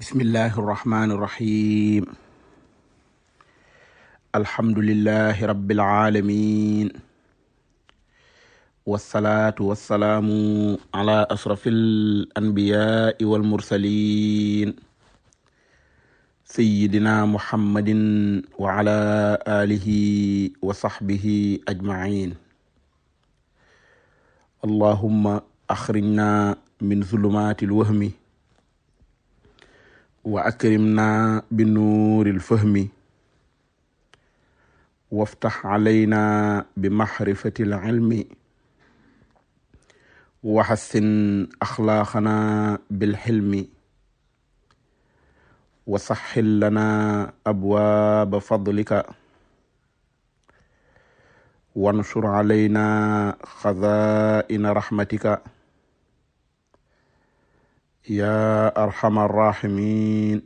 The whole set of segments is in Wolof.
bismillahi irrahmani irrahim alhamdulilahi rabiilalamin walsalaatu walsalaamu ala ashraf alanbiyaai walmursalin sayidina muhammadin wa ala alihi wa saxbihi ajmain allahumma axrijna min zulumaati alwahmi wa akrimna bi nuuril fahmi waftax alayna bi maxrifati l ilmi waxassin axlaaqana bil xilmi wa saxxil lana abwaaba fadlika wansur alayna xazaa'ina raxmatika yaa arxama arrahimin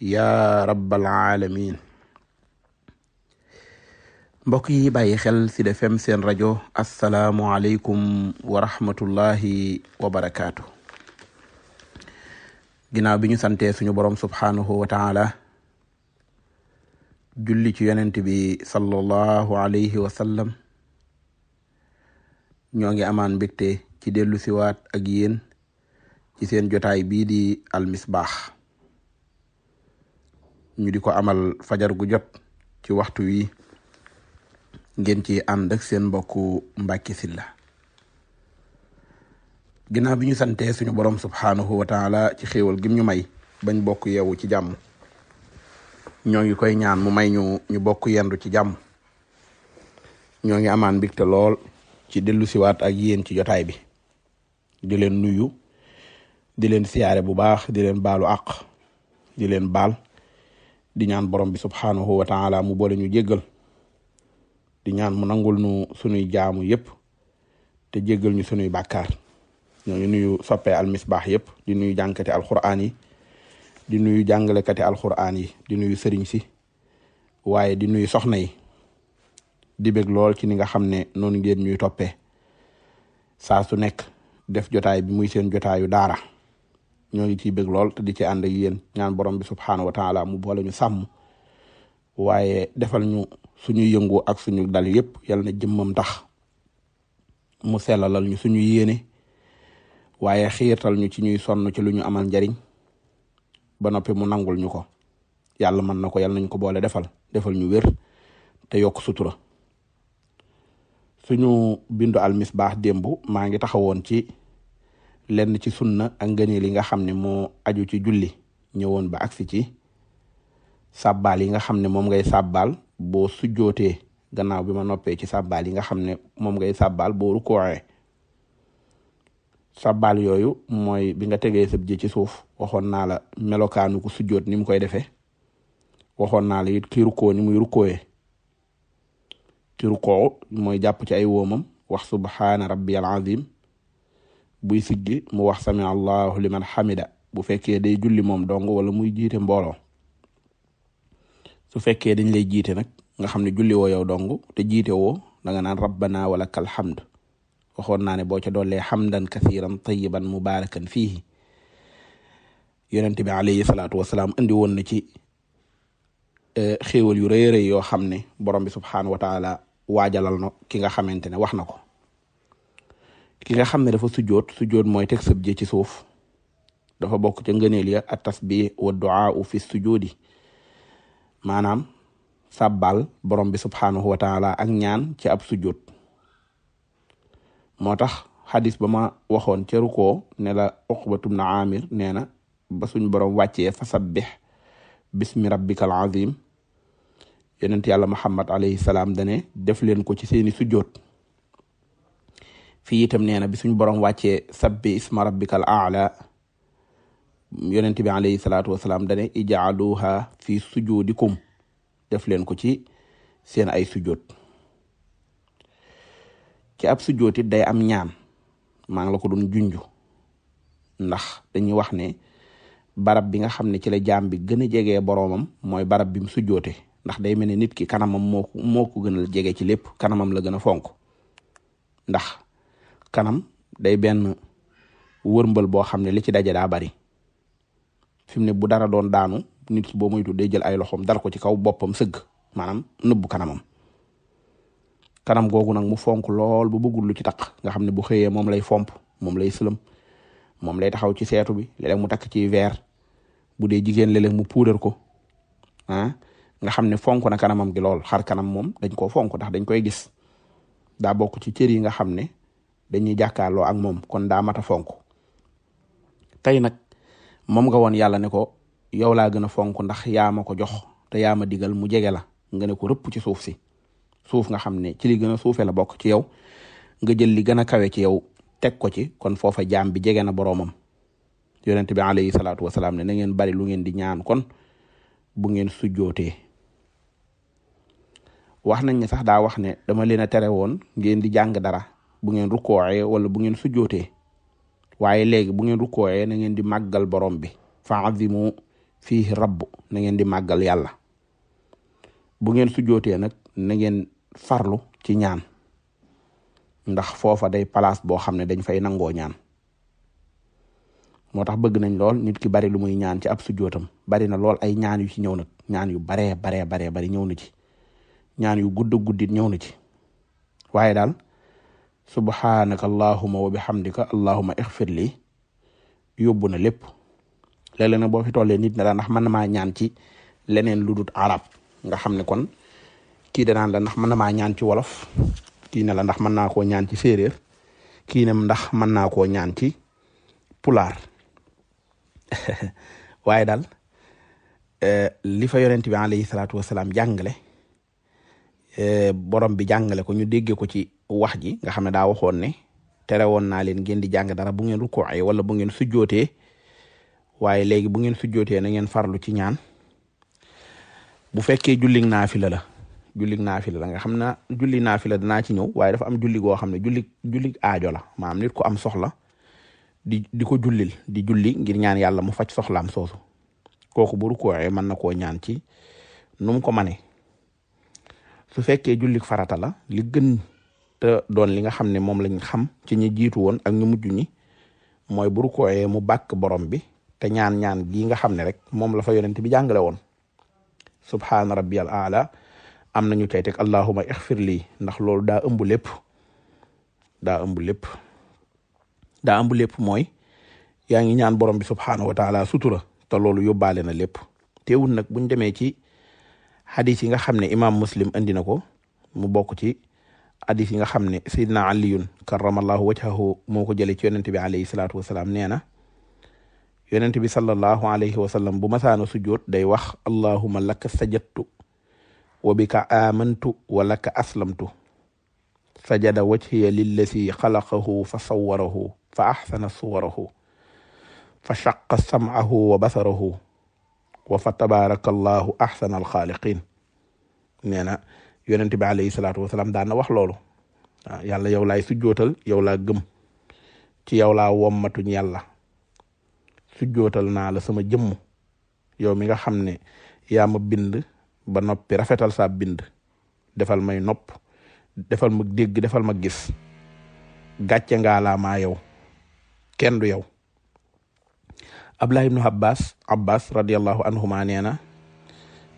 yaa rabbal alamin mbokk yi bàyyi xel ci Sud seen rajo asalaamualeykum wa rahmatullahi wa barakaatu ginnaaw bi santee suñu borom subhaanahu wa julli ci yonent bi sallallahu alayhi wa ñoo ngi amaan mbégte ci dellu siwaat ak yéen ci seen jotaay bii di almisbaax ñu di ko amal fajar gu jot ci waxtu wi ngeen ci ànd ak seen mbokku Mbàkke silla ginnaaw bi ñu santee suñu borom subhaanahu wa taala ci xéewal gim ñu may bañ bokk yeewu ci jàmm ñoo ngi koy ñaan mu may ñu ñu bokk yendu ci jàmm ñoo ngi amaan mbégte lool ci dellu siwaat ak yéen ci jotaay bi di leen nuyu di leen siyaare bu baax di leen baalu àq di leen baal di ñaan borom bi subhaanahu wa taala mu boole ñu jéggal di ñaan mu nangul nu sunuy jaamu yépp te jéggal ñu sunuy bàkkaar ñoo ngi nuyu soppee almisbaax yépp di nuyu jànkati alquraan yi di nuyu jàngalekati alquraan yi di nuyu sëriñ si waaye di nuyu soxna yi di bég lool ci ni nga xam ne noonu ngeen ñuy toppee saa su nekk def jotaay bi muy seen jotaayu daara ñoo ngi ciy bëgg lool te di ci ànd ak yéen ñaan borom bi subhaanahu wa taala mu boole ñu sàmm waaye defal ñu suñuy yëngu ak suñu dal yëpp yal na jëmmam tax mu sellalal ñu suñu yéene waaye xiirtal ñu ci ñuy sonn ci lu ñu amal njariñ ba noppi mu nangul ñu ko yàlla mën na ko yal nañ ko boole defal defal ñu wér te yokk sutura suñu bindu almisbaax démb maa ngi taxawoon ci lenn ci sunna ak ngëneel yi nga xam ne moo aju ci julli ñëwoon ba aksi ci sàbbaal yi nga xam ne moom ngay sàbbaal boo sujjootee gannaaw bi ma noppee ci sàbbaal yi nga xam ne moom ngay sàbbaal boo rukkooee sàbbaal yooyu mooy bi nga tegee sëb ji ci suuf waxoon naa la melokaanu ku sujjoot ni mu koy defee waxoon naa la it ki rukkoo ni muy rukkooyee ci ruqoo mooy jàpp ci ay woomam wax subhaana rabbiyal azim buy siggi mu wax sami allahu liman xamida bu fekkee day julli moom dong wala muy jiite mbooloo su fekkee dañ lay jiite nag nga xam ne julli woo yow dong te jiite woo danga naan rabbana wala kal hamd waxoon naa ne boo ca doolee hamdan kathiran tayiban mubarakan fiihi yonent bi alayhi salaatu wasalaam andi woon na ci eh, xéewal yu rëy a yoo xam ne borom bi subhaanahu wa waajalal no ki nga xamante ne wax na ko ki nga xam ne dafa sujjoot sujjoot mooy teg sëb ji ci suuf dafa bokk ca ngëneel ya at tasbih wa duaa fi sujudi maanaam sabbal borom bi subhanahu wa taala ak ñaan ci ab sujjoot moo tax xadis ba ma waxoon ca rukoo ne la uqbatum na amir nee na ba suñ borom wàccee fa sabbih bismi rabbikal azim yonent yàlla muhammad alayhi salaam dane def leen ko ci seeni sujjoot fii itam nee bi suñ borom wàccee sabbi isma rabbikal aala yonent bi alayhi salaatu wasalaam dane ijaaluha fi sujoodikum def leen ko ci seen ay sujjoot ci ab sujjoot day am ñaan maa ngi la ko doon junju ndax dañuy wax ne barab bi nga xam ne ci la jaam bi gën a jegee boroomam mooy barab bi mu sujjoote ndax day mel ne nit ki kanamam mook ko moo ko gën a jege ci lépp kanamam la gën a fonk ndax kanam day benn wër wërmbal boo xam ne li ci daje daa bari fi mu ne bu dara doon daanu nit ki boo moytu day jël ay loxoom dar ko ci kaw boppam sëgg maanaam nëbbu kanamam kanam googu nag mu fonk lool bu bëggul lu ci taq nga xam ne bu xëyee moom lay fomp moom lay sëlëm moom lay taxaw ci seetu bi léeg mu takk ci verre bu dee jigéen léeg mu puudar ko ah nga xam ne fonk na kanamam gi lool xar kanam moom dañ koo fonk ndax dañ koy gis daa bokk ci cër yi nga xam ne dañuy jàkkaarloo ak moom kon daa mat a fonk tey nag moom nga woon yàlla ne ko yow laa gën a fonk ndax yaa ma ko jox te yaa ma digal mu jege la nga ne ko rëpp ci suuf si suuf nga xam ne ci li gën a suufe la bokk ci yow nga jël li gën a kawe ci yow teg ko ci kon foofa jaam bi jege na boroomam yonent bi alayhi salaatu salaam ne na ngeen bari lu ngeen di ñaan kon bu ngeen sujjootee wax nañ ne sax daa wax ne dama leen a tere woon ngeen di jàng dara bu ngeen rukkooyee wala bu ngeen sujjootee waaye léegi bu ngeen rukkooyee na ngeen di màggal borom bi fa azimu fii rabb na ngeen di màggal yàlla bu ngeen sujjootee nag na ngeen farlu ci ñaan ndax foofa day palace boo xam ne dañ fay nangoo ñaan moo tax bëgg nañ lool nit ki bari lu muy ñaan ci ab sujjootam bari na lool ay ñaan yu ci ñëw nag ñaan yu baree baree baree bari ñëw na ci ñaan yu gudd guddit ñëw na ci waaye daal subhaanaka allahuma wa bihamdika allahuma ixfir li yóbbu na lépp léeg-léeg nag boo fi tollee nit na daa ndax mën na maa ñaan ci leneen lu dut arab nga xam ne kon kii danaan ndax mën na maa ñaan ci wolof kii ne la ndax mën naa koo ñaan ci séeréer kii ndax mën naa koo ñaan ci pulaar waaye daal eh, li fa yonent bi alayhi salaatu wasalaam jàngale Eh, borom bi jàngale ko ñu déggee ko ci wax ji nga xam ne daa waxoon ne tere woon naa leen ngeen di jàng dara bu ngeen rukkooxee wala bu ngeen sujjootee waaye léegi bu ngeen sujjootee na ngeen farlu ci ñaan bu fekkee jullig naafila la jullig naafila la nga xam na julli la danaa ci ñëw waaye dafa am julli goo xam ne julli jullig aajo la maanaam nit ko am soxla di di ko jullil di julli ngir ñaan yàlla mu faj soxlaam soosu kooku bu rukkooxee mën na koo ñaan ci nu ko mane su fekkee jullik farata la li gën te don li nga xam ne moom lañ xam ci ñi jiitu woon ak ñu mujj ñi mooy buru kooyee mu bàkk borom bi te ñaan ñaan gii nga xam ne rek moom la fa yonent bi jàngale woon subhaana rabbiyal aala am nañu cay teg allahuma ixfir lii ndax loolu daa ëmb lépp daa ëmb lépp daa ëmb lépp mooy yaa ngi ñaan borom bi subhaanahu wa taala sutura te loolu yóbbaale na lépp teewul nag buñ demee ci xadis yi nga xam ne imaam muslim andi na ko mu bokk ci xadis yi nga xam ne sayidna aliyun karamallahu wajhahu moo ko jële ci yonente bi alayhi salaatu wasalaam nee na yonente bi sallallahu alayhi wa sallam bu day wax allahuma laka sajadtu wa bika amantu wa laka aslamtu sajada wajhiya lillazi xalaqahu fa sawwarahu fa axsana suwarahu fa shaqa sam'ahu wa basarahu wa fa tabarakallahu ahsanal xaaliqin nee na yonent bi alayhi daan na wax loolu ah, yàlla yow laay sujjootal yow laa gëm ci yow laa wommatuñ yàlla sujjootal naa la sama jëmm yow mi nga xam ne yaa bind ba noppi rafetal sa bind defal may nopp defal ma dégg defal ma gis gàcce ngaa laa maa yow kenn du yow Abdullah ibnu Abbas Abbas radiallahu anhuma nee na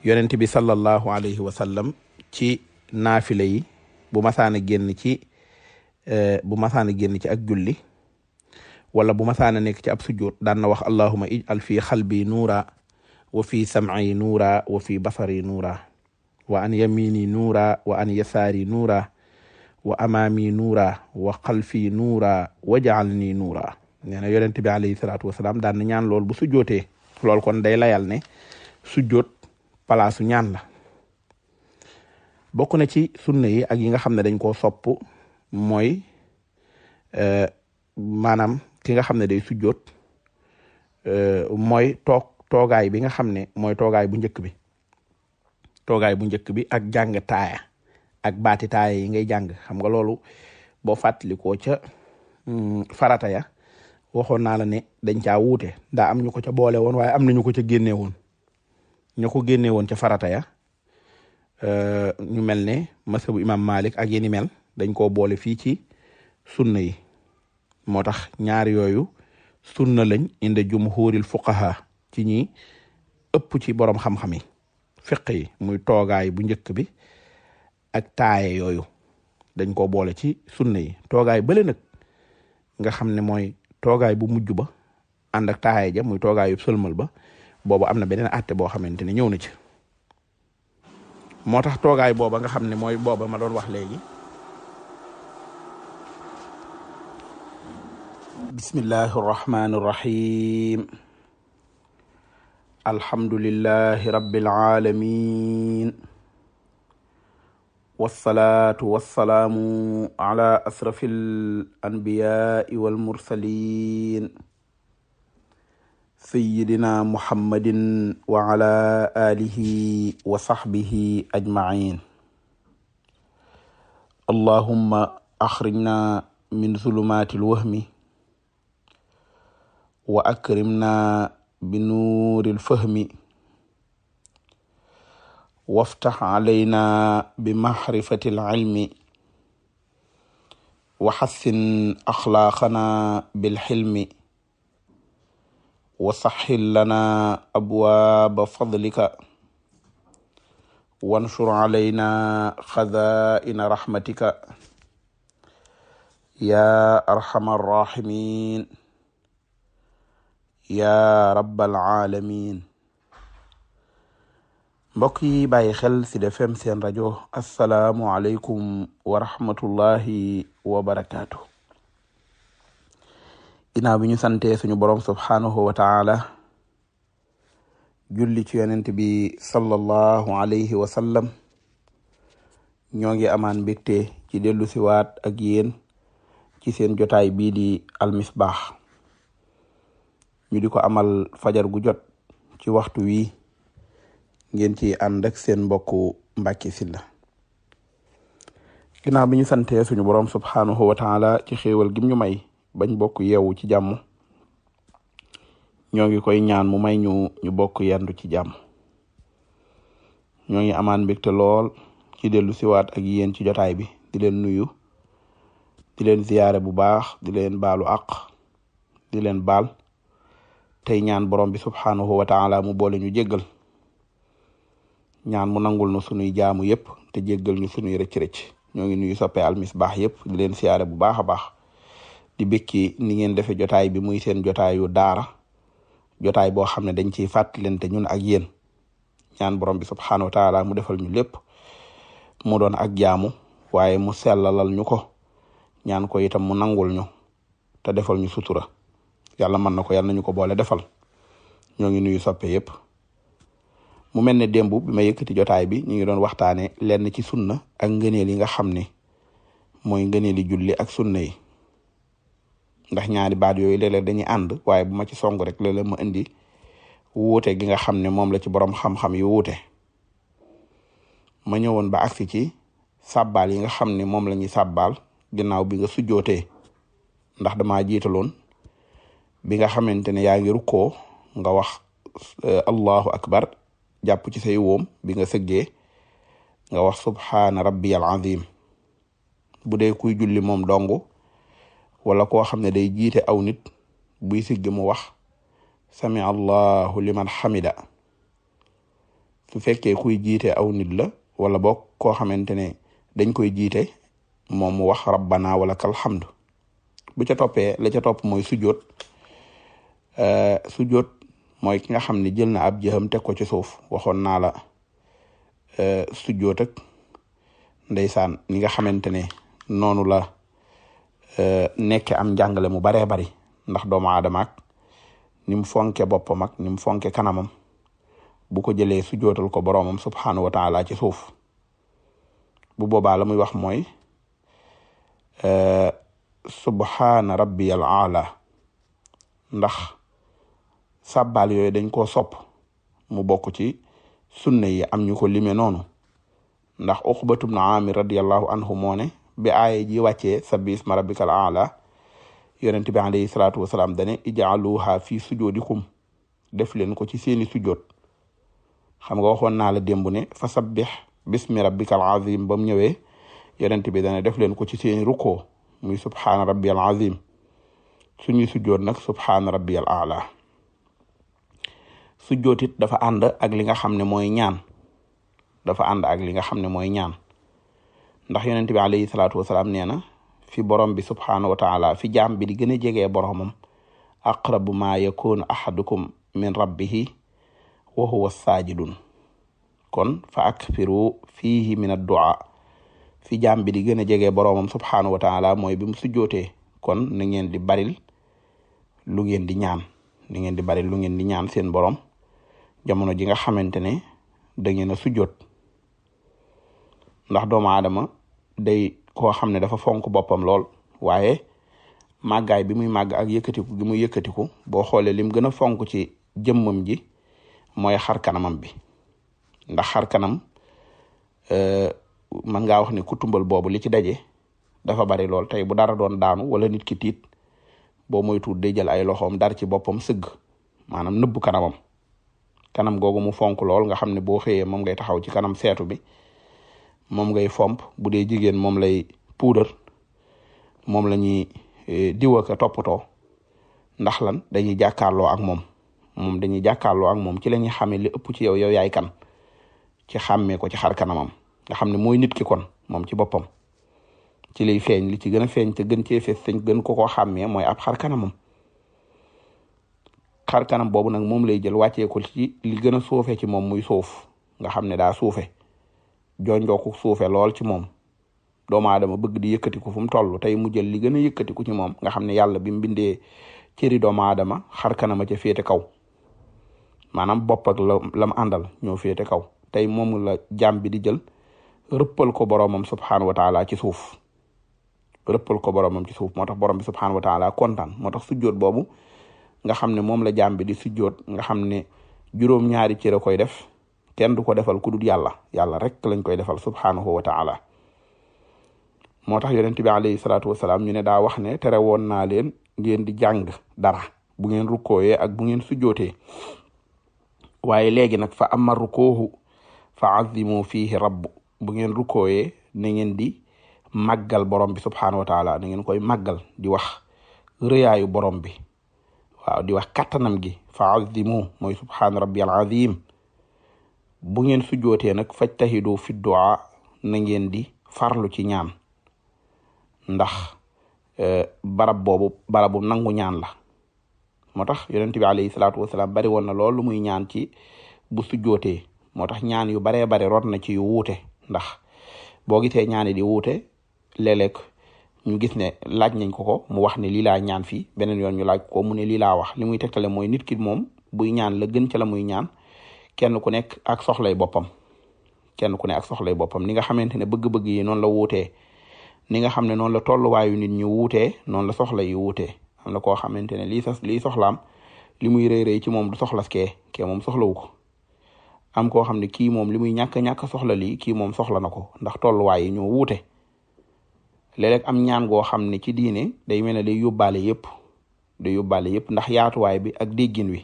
yonent bi sallallahu alayhi wa sallam ci naafile yi bu masaana génn ci eh, bu masaana génn ci ak julli wala bu masaana nekk ci ab sujjuut daan na wax allahuma ij'al fii xalbi nuura wa fii sam'i nuura wa fii basari nuura wa an yamini nuura wa an yasaari nuura wa amaami nuura wa xalfi nuura waj'alni nuura nee na yonent bi alayhi salaatu wasalaam daan na ñaan lool bu sujjootee lool kon day layal ne sujjoot palaasu ñaan la bokk na ci sunna yi ak yi nga xam ne dañ koo sopp mooy euh, maanaam ki nga xam ne day sujjoot euh, mooy toog toogaay bi nga xam ne mooy toogaay bu njëkk bi toogaay bu njëkk bi ak jàng taaya ak baati taaya yi ngay jàng xam nga loolu boo fàttalikoo ca mm, farata ya waxoon naa la ne dañ caa wuute daa am ñu ko ca boole woon waaye am na ñu ko ca génne woon ñu ko génne woon ca farataya ya euh, ñu mel ne masabu imam malik ak yéni mel dañ koo boole fii ci sunna yi moo tax ñaar yooyu sunna lañ inda jumhuril fuqaha ci ñi ëpp ci borom xam-xam yi fiq yi muy toogaay bu njëkk bi ak taaye yooyu dañ ko boole ci sunna yi toogaay bële nag nga xam ne mooy toogaay bu mujj ba ànd ak taxaay ja muy toogaay yu sëlmal ba boobu am na beneen àtte boo xamante ne ñëw na ci moo tax toogaay booba nga xam ne mooy booba ma doon wax léegi bismillahi arrahmani irrahim alhamdulilahi rabbil alamin wasalaatu wasalaamu ala asrafil anbiyaai wal mursalin sayidina muhammadin wa ala alihi wa sahbihi ajmain allahumma axrijna min zulumatil wahmi wa akrimna bi nuuril fahmi waftax alayna bi maxrifati alcilmi wa xassin axlaaqana bilxilmi wa saxxil lana abwaaba fadlika wansur alayna xazaa'ina raxmatika yaa arxama arraximin yaa rabbal caalamiin mbokk yi bàyyi xel ci Sud seen rajo asalaamualeykum wa rahmatullahi wa barakaatu. ginnaaw bi ñu sante suñu borom subhaanahu wa julli ci yonent bi sallallahu alayhi wa sallam ñoo ngi amaan mbégte ci dellu siwaat ak yéen ci seen jotaay bii di almisbaax ñu di ko amal fajar gu jot ci waxtu wi ngeen ci ànd ak seen mbokku Mbacke Sylla ginnaaw bi ñu santee suñu borom subhanahu wa taala ci xéewal gim ñu may bañ bokk yeewu ci jàmm ñoo ngi koy ñaan mu may ñu ñu bokk yendu ci jàmm ñoo ngi amaan mbégte lool ci dellu siwaat ak yéen ci jotaay bi di leen nuyu di leen ziyaare bu baax di leen baalu àq di leen baal tey ñaan borom bi subhanahu wa taala mu boole ñu jéggal ñaan mu nangul nu sunuy jaamu yëpp te jéggal ñu sunuy rëcc-rëcc ñoo ngi nuyu soppe Almisbah yëpp leen siyaare bu baax a baax di békki ni ngeen defe jotaay bi muy seen jotaayu daara jotaay boo xam ne dañ ciy fàttalante ñun ak yéen ñaan borom bi subxanahu wa taala mu defal ñu lépp mu doon ak jaamu waaye mu sellalal ñu ko ñaan ko itam mu nangul ñu te defal ñu sutura yàlla mën na ko yàlla nañu ko boole defal ñoo ngi nuyu soppe yëpp. mu mel ne démb bi ma yëkkati jotaay bi ñu ngi doon waxtaane lenn ci sunna ak ngëneel yi nga xam ne mooy ngëneeli julli ak sunna yi ndax ñaari baat yooyu léeg-léeg dañuy ànd waaye bu ma ci song rek léeg-léeg ma wuute gi nga xam ne moom la ci borom xam-xam wuute ma ñëwoon ba agsi ci sàbbaal yi nga xam ne moom la ñuy sàbbaal bi nga sujjootee ndax dama jiitaloon bi nga xamante ne yaa ngi rukkoo nga wax euh, allahu akbar jàpp ci say woom bi nga sëggee nga wax subhaana rabbiyal azim bu dee kuy julli moom dong wala koo xam ne day jiite aw nit buy siggi mu wax sami allahu liman xamida su fekkee kuy jiite aw nit la wala boog koo xamante ne dañ koy jiite moom mu wax rabbana wala kal xamdu bu ca toppee la ca topp mooy sujoot eh, sujoot mooy ki nga xam ne jël na ab jëxam teg ko ci suuf waxoon naa la e, sujjoot ak ndeysaan ni nga xamante ne noonu la e, nekke am njàngale mu baree bari ndax doomu aadama ak ni mu fonke boppam ak ni mu fonke kanamam bu ko jëlee sujjootal ko boroomam subhaanahu wa taala ci suuf bu boobaa la muy wax mooy e, subhaana rabbiyal aala ndax sàbbaal yooyu dañ koo sopp mu bokk ci sunna yi am ñu ko lime noonu ndax uqbatu bnu amir radiallahu anhu moo ne bi aaya ji wàccee sabbi isma rabbikal aala yonent bi alayhi salaatu wasalaam dane ijaaluha fi sujoodikum def leen ko ci seeni sujood xam nga waxoon naa la démb ne fa sabbih bismi rabbikal azim ba mu ñëwee yonent bi dane def leen ko ci seeni rukkoo muy subhaana rabbiyal azim suñuy sujood nag subhaana rabbiyal aala sujjootit dafa ànd ak li nga xam ne mooy ñaan dafa ànd ak li nga xam ne mooy ñaan ndax yonent bi alayhi salaatu wasalaam nee na fi borom bi subhaanahu wa taala fi jaam bi di gën a jegee boromam aqrabu ma yakunu ahadukum min rabbihi wa huwa saajidun kon fa akfiru fiihi min addu'a fi jaam bi di gën a jegee boromam subhaanahu wa taala mooy bi mu sujjootee kon na ngeen di baril lu ngeen di ñaan na ngeen di baril lu ngeen di ñaan seen borom jamono ji nga xamante ne da ngeen a sujjoot ndax doomu aadama day koo xam ne dafa fonk boppam lool waaye màggaay bi muy màgg ak yëkkatiku gi muy yëkkatiku boo xoolee lim gën a fonk ci jëmmam ji mooy xar kanamam bi ndax xar kanam euh, mën ngaa wax ne ku tumbal boobu li ci daje dafa bari lool tey bu dara doon daanu wala nit ki tiit boo moytuwul day jël ay loxoom dar ci boppam sëgg maanaam nëbbu kanamam kanam googu mu fonk lool nga xam ne boo xëyee moom ngay taxaw ci kanam seetu bi moom ngay fomp bu dee jigéen moom lay puudar moom la ñuy e, diwa ka toppatoo ndax lan dañuy jàkkaarloo ak moom moom dañuy jàkkaarloo ak moom ci la ñuy xamee li ëpp ci yow yow yaay kan ci xàmmee ko ci xar kanamam nga xam ne mooy nit ki kon moom ci boppam ci lay feeñ li ci gën a feeñ te gën cee fees te gën ko koo xàmmee mooy ab xar kanamam xar boobu nag moom lay jël wàccee ko ci li gën suufee ci moom muy suuf nga xam ne daa suufe jonjoo ko suufe lool ci moom doomu aadama bëgg di yëkkatiku fu mu toll tey mu jël li gën a yëkkatiku ci moom nga xam ne yàlla bi mu bindee cëri doomu aadama xar kanama ca féete kaw maanaam bopp ak la la àndal ñoo féete kaw tey moom la jàmm bi di jël rëppal ko boromam subxanahu wa taala ci suuf rëppal ko boromam ci suuf moo tax borom bi subxanahu wa taala kontaan moo tax sujjóot boobu. nga xam ne moom la jaam bi di sujjoot nga xam ne juróom ñaari cëra koy def kenn du ko defal ku dul yàlla yàlla rek lañ koy defal subhaanahu wa taala moo tax yonent bi alayhi salaatu wasalaam ñu ne daa wax ne tere woon naa leen ngeen di jàng dara bu ngeen rukkooyee ak bu ngeen sujjootee waaye léegi nag fa amma rukoohu fa azimu fiihi rabbu bu ngeen rukkooyee na ngeen di màggal borom bi subhaanahu wa taala ngeen koy màggal di wax rëyaayu borom bi waaw di wax kattanam gi fa azimu mooy subhaana rabbi al azim bu ngeen sujjootee nag fajtahidu fi du'a na ngeen di farlu ci ñaan ndax e, barab boobu barabu nangu ñaan la moo tax yonent bi alayhi salaatu wasalaam bari woon na lool muy ñaan ci bu sujjootee moo tax ñaan yu baree bare rot na ci yu wuute ndax boo gisee ñaan yi di ñu gis ne laaj nañ ko ko mu wax ne lii laa ñaan fii beneen yoon ñu laaj ko mu ne lii laa wax li muy tegtale mooy nit ki moom buy ñaan la gën ca la muy ñaan kenn ku nekk ak soxlay boppam kenn ku nekk ak soxlay boppam ni nga xamante ne bëgg-bëgg yi noonu la wuutee ni nga xam ne noonu la tolluwaayu nit ñu wuutee noonu la soxla yi wuutee am na koo xamante ne lii sax lii soxlaam li muy rëy rëy ci moom du soxlas kee kee moom soxlawu ko am koo xam ne kii moom li muy ñàkk ñàkk soxla lii kii moom soxla na ko ndax tolluwaay yi ñoo wuute léeg am ñaan goo xam ne ci diine day mel ne day yóbbaale yëpp day yóbbaale yëpp ndax yaatuwaay bi ak déggin wi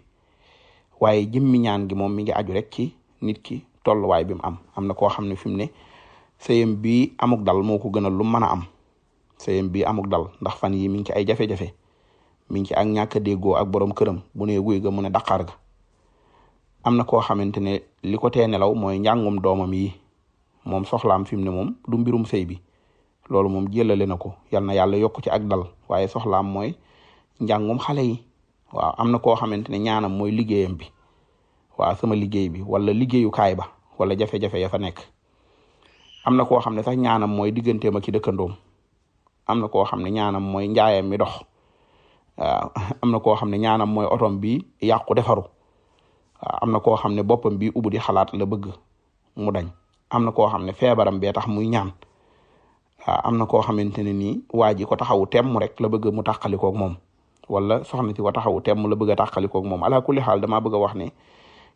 waaye jëmmi ñaan gi moom mi ngi aju rek ci nit ki tolluwaay bi mu am am na koo xam ne fi mu ne sëyam bi amuk dal moo ko gënal lu mën a am sëyam bi amuk dal ndax fan yi mi ngi ci ay jafe-jafe mi ngi ci ak ñàkk a ak borom këram bu ne guy ga mu ne daqaar ga am na koo xamante ne li ko tee nelaw mooy njàngum doomam yi moom soxlaam fi mu ne moom du mbirum sëy bi loolu moom jëlale na ko yal na yàlla yokk ci ak dal waaye soxlaam mooy njàngum xale yi waaw am na koo xamante ne ñaanam mooy liggéeyam bi waaw sama liggéey bi wala liggéeyukaay ba wala jafe-jafe ya fa nekk am na koo xam ne sax ñaanam mooy digganteem ak ci dëkkandoom am na koo xam ne ñaanam mooy njaayam mi dox waaw am na koo xam ne ñaanam mooy otom bi yàqu defaru waaw am na koo xam ne boppam bi ubu di xalaat la bëgg mu dañ am na koo xam ne feebaram bee tax muy ñaan Ah, am na koo xamante ne nii waa ji ko taxawu mu rek la bëgg mu tax tàqalikoog moom wala soxna si ko taxawu mu la bëgg a tàqalikoog moom ala kulli xaal damaa bëgg a wax ne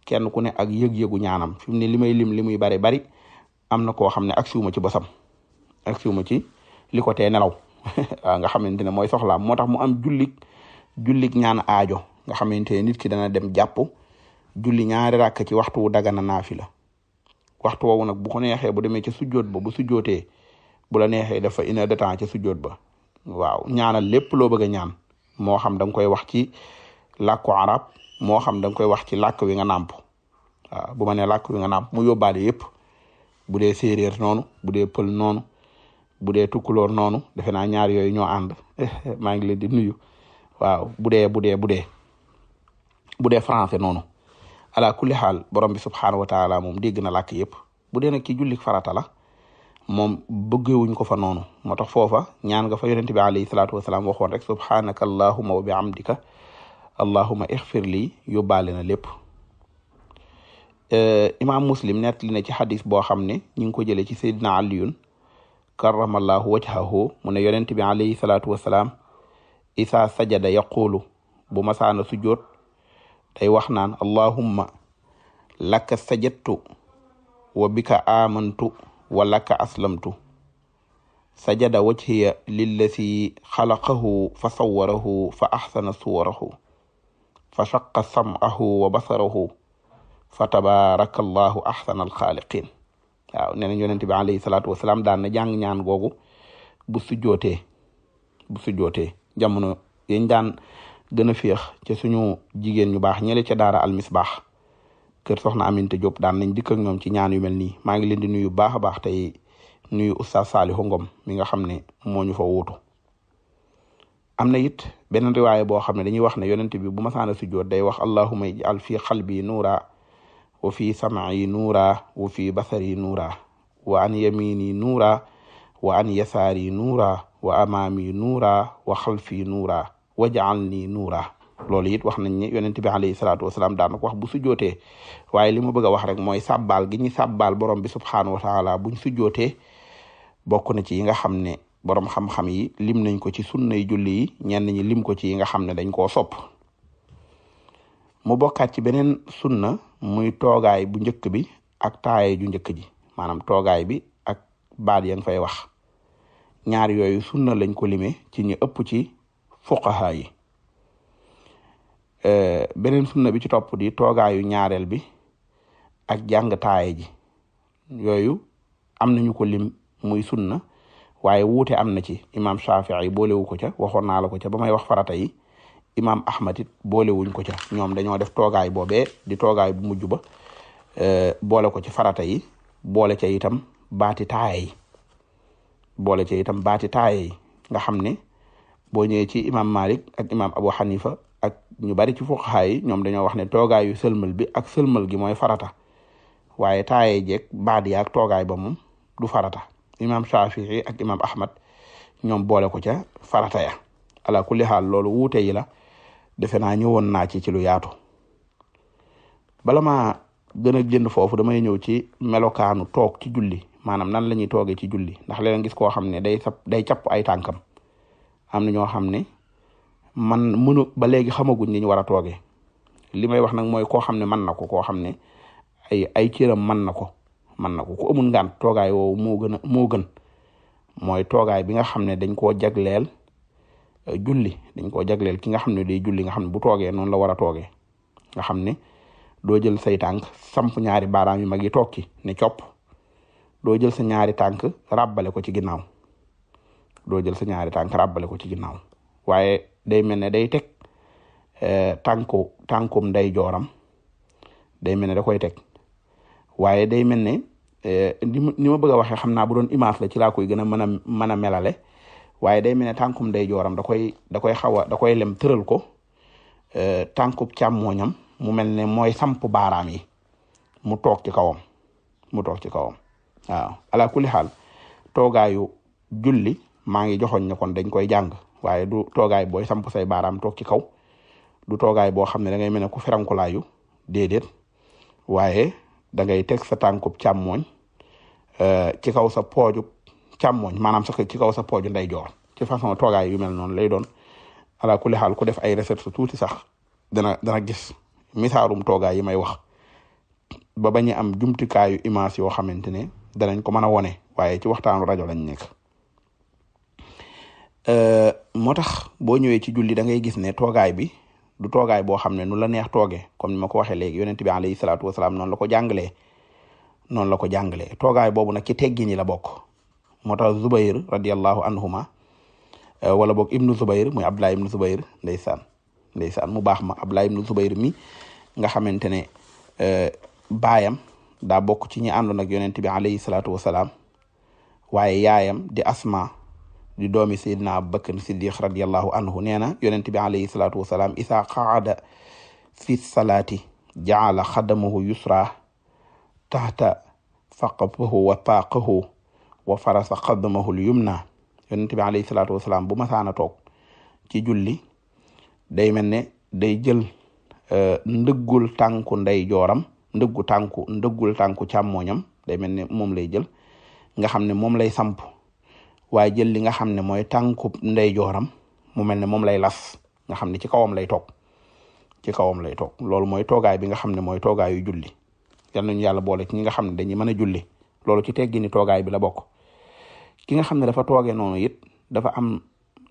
kenn ku ne ak yëg-yëgu ñaanam fi mu ne li may lim li muy bari bari am na koo xam ne ak siwuma ci bosam ak siwuma ci li ko tee nelaw ah, nga xamante ne mooy soxlaam moo tax mu am jullik jullik ñaan aajo nga xamante ne nit ki dana dem jàpp julli ñaari rakk ci waxtu wu dagana naafi la waxtu woowu nag bu ko neexee bu demee ci sujjoot ba bu sujjootee bu la neexee dafa une heure de temps ci sujjoot ba waaw ñaanal lépp loo bëgg a ñaan moo xam da nga koy wax ci làkku arab moo xam da koy wax ci làkk wi nga nàmp waaw bu ma ne làkk wi nga nàmp mu yóbbaale yëpp bu dee séeréer noonu bu dee pël noonu bu dee tukkuloor noonu defe naa ñaar yooyu ñoo ànd maa ngi leen di nuyu waaw bu dee bu dee bu dee bu dee français noonu ala kulli xaal borom bi subxanahu wa taala moom dégg na làkk yëpp bu dee nag ki jullik farata la. moom bëggewuñ ko fa noonu moo tax foofa ñaan nga fa yonente bi alayhi salaatu wasalaam waxoon rek subhaanaka allahuma wa bihamdika allahuma ixfir lii yóbbaale na lépp euh, imaam muslim nettali na ci xadis boo xam ne ñu ngi ko jëlee ci sayyidina aliyun karamallahu wajhahu mu ne yonente bi alayhi salaatu wasalaam isaa sajada yaqulu bu masaana sujjoot day wax naan allahumma laka sajadtu wa bika amantu wa laka aslamtu sajada wajhiya lillazi xalaqahu fa sawwarahu fa axsana suwarahu fa shaqa sam'ahu wa basarahu fa tabaraka allahu axsana alxaaliqin waaw nee nañ alayhi salaatu wasalaam daan na jàng ñaan googu bu sujjootee bu sujjootee jamono yañ daan gën a féex ca suñu jigéen ñu baax ñele ca daara almisbaax kër soxna Aminta Diop daan nañ dikk ak ñoom ci ñaan yu mel nii maa ngi leen di nuyu baax a baax tey nuyu oustaz Salihu Ngom mi nga xam ne moo ñu fa wuutu am na it beneen riwaaya boo xam ne dañuy wax ne yonent bi bu masaana sujjoot day wax allahuma ij'al fi qalbi nuura wa fi sam'i nuura wa fi basari nuura wa an yamini nuura wa an yasaari nuura wa amaami nuura wa xalfi nuura waj'alni nuura loolu it wax nañ ne yonent bi alayhi salaam daan daanako wax bu sujjootee waaye li ma bëgg a wax rek mooy sàbbaal gi ñuy sàbbaal borom bi subxanahu wa taala buñ sujjootee bokk na ci yi nga xam ne boroom xam-xam yi lim nañ ko ci sunnay julli yi ñenn ñi lim ko ci yi nga xam ne dañ koo sopp mu bokkaat ci beneen na muy toogaay bu njëkk bi ak taaye ju njëkk ji maanaam toogaay bi ak baat ya nga fay wax ñaar yooyu sunna lañ ko limee ci ñu ëpp ci fuqaha yi. Eh, beneen sunna bi ci topp di toogaayu ñaareel bi ak jàng taaye ji yooyu am nañu ko lim muy sunna waaye wuute am na ci imaam Shafii boolewu ko ca waxoon naa la ko ca ba may wax farata yi imaam Ahmad it boolewuñ ko ca ñoom dañoo def toogaay boobee di toogaay bu mujj ba eh, boole ko ci farata yi boole ca itam baati taaye yi boole ca itam baati taaye nga xam ne boo ñëwee ci imaam Malik ak imaam Abu Hanifa ak ñu bari ci fuqahaa yi ñoom dañoo wax ne toogaayu sëlmal bi ak sëlmal gi mooy farata waaye taayee jeeg baat yaak toogaay ba moom du farata imaam Shafii ak imaam Ahmad ñoom boole ko ca farata ya ala kulli xaal loolu wuute yi la defe naa ñëwoon naa ci ci lu yaatu bala maa gën jënd foofu damay ñëw ci melokaanu toog ci julli maanaam nan la ñuy toogee ci julli ndax léeg gis koo xam ne day sap day capp ay tànkam am na ñoo xam ne man mënu ba léegi xamaguñ ni ñu war a toogee li may wax nag mooy koo xam ne mën na ko koo xam ne ay ay cëram mën na ko mën na ko ku amul ngaan toogaay woowu moo gën a moo gën mooy toogaay bi nga xam ne dañ koo jagleel euh, julli dañ koo jagleel ki nga xam ne day julli nga xam ne bu toogee noonu la war a toogee nga xam ne doo jël say tànk samp ñaari baaraam yu mag yi toog ci ne copp doo jël sa ñaari tànk ràbbale ko ci ginnaaw doo jël sa ñaari tànk ràbbale ko ci ginnaaw day mel ne day teg eh, tànku tànkum day jooram day mel ne da koy teg waaye day mel ne eh, ni ma bëgg waxee xam naa bu doon image la ci laa koy gën a mën a mën a melale waaye day mel ne tànkum day jooram da koy da xaw da koy lem tëral ko eh, tànkub càmmooñam mu mel ne mooy samp baaraam yi mu toog ci kawam mu toog ci kawam waaw ala kulli xaal toogaayu julli maa ngi joxoñ ne kon dañ koy jàng waaye du toogaay booy samp say baaraam toog ci kaw du toogaay boo xam ne da ngay mel ne ku ferankulaayu déedéet waaye da ngay teg sa tànkub càmmooñ euh, ci kaw sa pooju càmmooñ maanaam sax ci kaw sa pooju ndeyjoor ci façon toogaay yu mel noonu lay doon ala kulli xaal ku def ay recherche tuuti sax dana dana gis misaarum toogaay yi may wax ba bañ am jumtukaayu image yoo xamante ne danañ ko mën a wone waaye ci waxtaanu rajo lañ nekk. Euh, moo tax boo ñëwee ci julli da ngay gis ne toogaay bi du toogaay boo xam ne nu la neex tooge comme ni ma ko waxee léegi yonent bi alayhi salaatu wasalaam noonu la ko jàngalee noonu la ko jàngalee toogaay boobu nag ci teggini la bokk moo tax Zubair radiallahu anhuma euh, wala boog Ibnu Zubair muy Abdullah Ibnu Zubair ndeysaan ndeysaan mu baax ma Abdullah Ibnu Zubair mi nga xamante ne euh, baayam daa bokk ci ñi àndoon ak yonent bi alayhi salaatu wasalaam waaye yaayam di asma di doomi sayidina abubakar siddiq radiallahu anhu nee na yonent bi alayhi salaatu wasalaam isaa qaada fi salaati jaala xadamahu yusra taxta faqafahu wa taaqahu wa farasa xadamahu lyumna yonent bi alayhi salaatu wasalaam bu masaana toog ci julli day mel ne day jël euh, ndëggul tànku ndey jooram ndëggu tànku ndëggul tànku càmmooñam day mel ne moom lay jël nga xam ne moom lay samp waaye jël li nga xam ne mooy tànkub ndeyjooram mu mel ne moom lay las nga xam ne ci kawam lay toog ci kawam lay toog loolu mooy toogaay bi nga xam ne mooy toogaayu julli yal nañu yàlla boole ci ñi nga xam ne dañuy mën a julli loolu ci teggini toogaay bi la bokk ki nga xam ne dafa toogee noonu it dafa am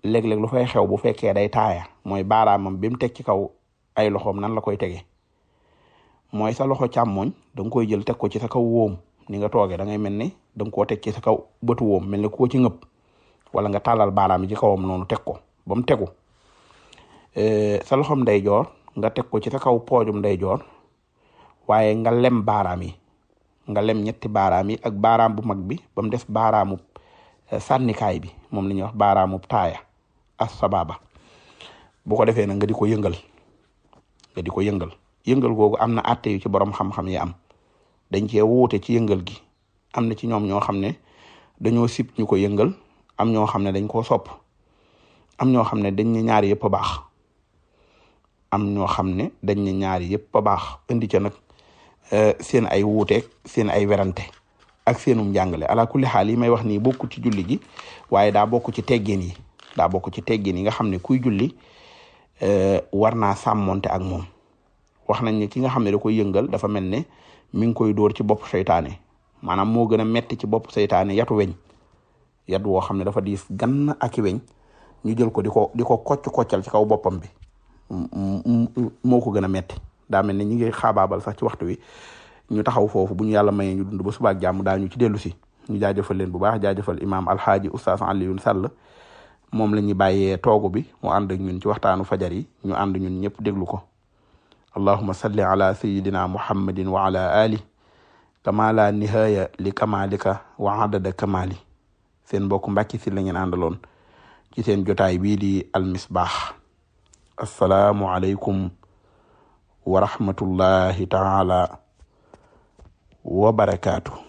léeg-léeg lu fay xew bu fekkee day taaya mooy baaraamam bi mu teg ci kaw ay loxoom nan la koy tegee mooy sa loxo càmmoñ da nga koy jël teg ko ci sa kaw wóom ni nga toogee da ngay mel ni da nga koo teg ci sa kaw bëtu woom mel ne koo ci ngëpp wala nga tàllal baaraam yi ci kawam noonu teg ko ba mu tegu e, sa loxom nday joor nga teg ko ci sa kaw poojum nday joor waaye nga lem baaraam yi nga lem ñetti baaraam yi ak baaraam bu mag bi ba mu def baaraamu e, sànnikaay bi moom la ñuy wax baaraamu taaya as sababa bu ko defee na nga di ko yëngal nga di ko yëngal yëngal googu am na àtte yu ci borom xam-xam yi am dañ cee wuute ci yëngal gi am na ci ñoom ñoo xam ne dañoo sib ñu ko yëngal am ñoo xam ne dañ koo sopp am ñoo xam ne dañ ne ñaari yëpp a baax am ñoo xam ne dañ ne ñaari yëpp a baax indi ca nag euh, seen ay wuuteeg seen ay werante ak seenum njàngale ala kulli xaal yi may wax nii bokku ci julli gi waaye daa bokk ci teggin yi daa bokk ci teggin yi nga xam ne kuy julli euh, war naa sàmmonte ak moom wax nañ ne ki nga xam ne da koy yëngal dafa mel ne mi ngi koy dóor ci bopp seytaane maanaam moo gën a metti ci bopp seytaane yatu weñ yat woo xam ne dafa diis gann aki weñ ñu jël ko di ko di ko kocc koccal ci kaw boppam bi moo ko gën a metti daa mel ne ñi ngi xaabaabal sax ci waxtu wi ñu taxaw foofu bu ñu yàlla mayee ñu dund ba subaak jàmm daa ñu ci dellu si ñu jaajëfal leen bu baax jaajafal imaam alxaaji oustaz Alioune Sall moom la ñuy bàyyee toogu bi mu ànd ñun ci waxtaanu fajar yi ñu ànd ñun ñëpp déglu ko allahuma salli ala sayidina muhammadin kama la nihaya li kamalika wa adada kamali seen mbokk Mbàkke si la ngeen àndaloon ci seen jotaay bii di almisbaax assalaamu aleykum wa taala wa